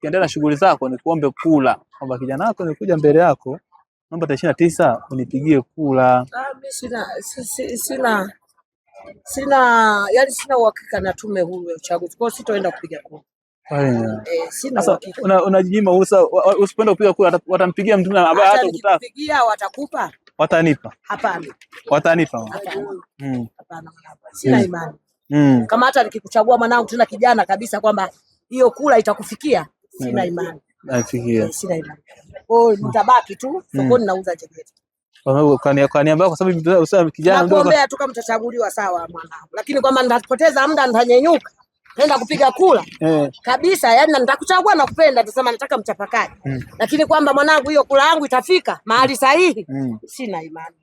ukiendelea na shughuli zako, nikuombe kula, kwamba kijana wako nikuja mbele yako, naomba tarehe ishirini na tisa unipigie kula. Ah, sina, sina, sina, yani sina uhakika na tume huru ya uchaguzi, kwa hiyo sitoenda kupiga kura. Eh, Sasa unajinyima usipenda kupiga kura, watampigia mtu na hata ukipigia watakupa watanipa hapana, watanipa mm. Hapana, sina hmm. imani mm. Kama hata nikikuchagua mwanangu, tena kijana kabisa, kwamba hiyo kula itakufikia sina imani. Nafikia. Eh, sina imani. Kwa hiyo nitabaki tu hmm. sokoni nauza cheketi. Kaniambia kwa sababu usema kijana ndio nakuombea tu kama utachaguliwa sawa mwanangu. Lakini kwamba nitapoteza muda nitanyenyuka. Nenda kupiga kula. Eh. Kabisa yani nitakuchagua na kupenda nitasema nataka mchapakaji. Mm. Lakini kwamba mwanangu hiyo kula yangu itafika mahali sahihi. Mm. Sina imani.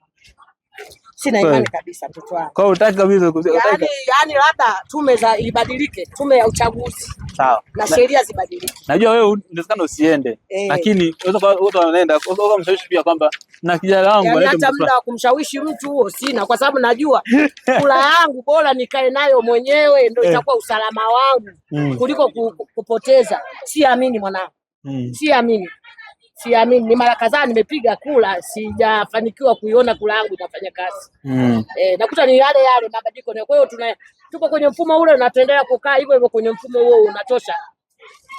Sina imani kabisa mtoto wangu. Kwa hiyo unataka kabisa kusema yaani, yaani labda tume za ibadilike, tume ya uchaguzi. Sawa. Na sheria zibadilike. Najua wewe inawezekana usiende, eh. lakini watu wanaenda, mshawishi pia kwamba na kijana wangu yaani hata muda wa kumshawishi mtu huo sina, kwa sababu najua kula yangu bora nikae nayo mwenyewe, ndio eh. itakuwa usalama wangu mm. kuliko kupoteza. Siamini mwanangu, mm. siamini siamini, ni mara kadhaa nimepiga kula, sijafanikiwa kuiona kula yangu itafanya kazi mm. Eh, nakuta ni yale yale mabadiliko. Kwa hiyo tuna tuko kwenye mfumo ule na tuendelea kukaa hivyo hivyo kwenye mfumo huo, unatosha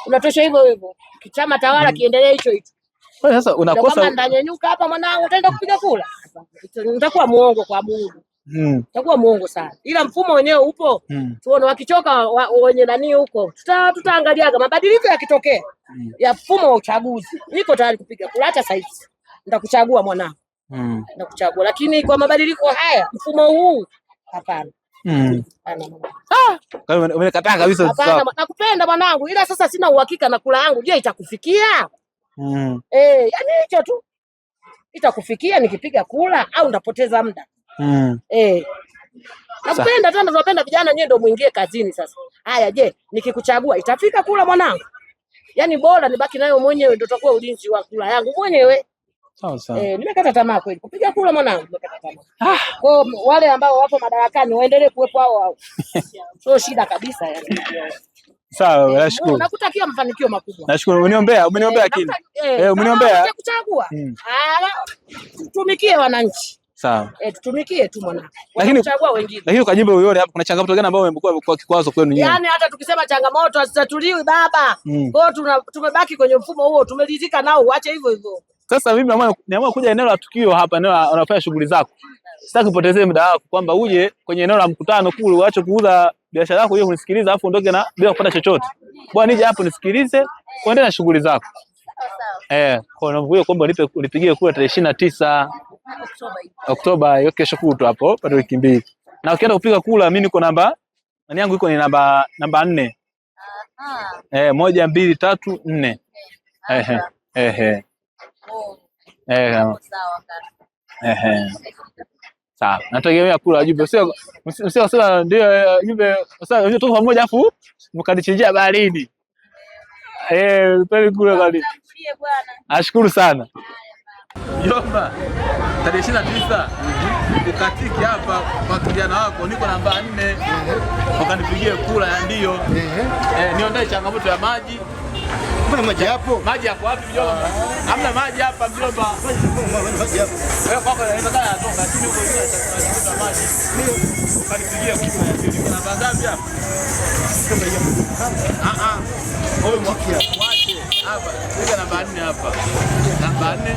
unatosha hivyo hivyo, chama tawala mm. kiendelee hicho hicho. Sasa unakosa kama ndanyenyuka hapa mwanangu, utaenda kupiga kula, nitakuwa muongo kwa Mungu mm. takuwa mwongo sana, ila mfumo wenyewe upo mm. tuone wakichoka wa, wenye nani huko, tutaangaliaga tuta mabadiliko yakitokea mm. ya mfumo wa uchaguzi. Niko tayari kupiga kura hata saizi, nitakuchagua mwanangu mm. nitakuchagua, lakini kwa mabadiliko haya mfumo huu hapana. Mm. Umekataa kabisa. nakupenda mwanangu, ila sasa sina uhakika na kula yangu, je, itakufikia? Mm. Eh, yani hicho tu itakufikia nikipiga kula au ndapoteza muda? Mm. Eh. Nakupenda tena tunapenda vijana nyewe ndio muingie kazini sasa. Haya je, nikikuchagua itafika kula mwanangu? Yaani bora nibaki nayo mwenyewe ndio tutakuwa ulinzi wa kula yangu mwenyewe. Sawa sawa. Eh, nimekata tamaa kweli. Kupiga kula mwanangu nimekata tamaa. Ah. Kwa wale ambao wapo madarakani waendelee kuwepo hao hao. Sio shida kabisa yani. Sawa, eh, nashukuru. Nakutakia mafanikio makubwa. Nashukuru. Uniombea, umeniombea kile. Eh, eh, eh umeniombea. Nitakuchagua. Mm. Tumikie wananchi. Sawa. Eh, tutumikie tu mwanangu. Lakini chagua wengine. Lakini kwa jimbo ulione kuna changamoto gani ambayo imekuwa kikwazo kwenu nyinyi? Yaani hata tukisema changamoto hazitatuliwi baba. Mm. Kwa hiyo tumebaki kwenye mfumo huo, tumelizika nao, uache hivyo hivyo. Sasa mimi niamua kuja eneo la tukio hapa, eneo unafanya shughuli zako. Sitaki upotezee muda wako kwamba uje kwenye eneo la mkutano kule uache kuuza biashara yako hiyo unisikiliza afu ondoke na bila kupata chochote. Bwana nije hapo nisikilize, uendelee na shughuli zako. Eh, kwa hiyo naomba kwamba nipigie kura tarehe ishirini na tisa. Oktoba hiyo kesho kutwa hapo bado wiki mbili. Na ukienda kupiga kula mimi niko namba nani yangu iko ni namba namba nne. Aha. Eh, moja mbili tatu nne. Eh, ehe. Ehe. Eh. Ehe. Sawa. Nategemea kula Jumbe. Sio sio sio ndio Jumbe. Sasa hiyo tu pamoja afu mkanichinjia baharini. Eh, eh pale kule kali. Ashukuru sana. Mjomba, tarehe ishirini na tisa ukatiki hapa kwa kijana wako, niko namba nne, wakanipigie kura ya ndio eh, niondoe changamoto ya maji. Maji hapo maji hapo wapi mjomba? Hamna maji hapa mjomba. Wewe kwako inawezekana yatoka, lakini huko hiyo changamoto ya maji. Ukanipigie kura ya ndio, niko namba ngapi hapa? Ah ah, wewe mwache hapa, niko namba nne hapa, namba nne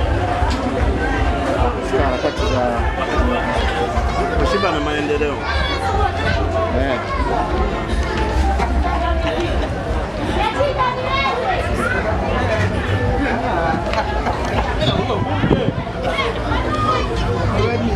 Mshipa na maendeleo. Eh.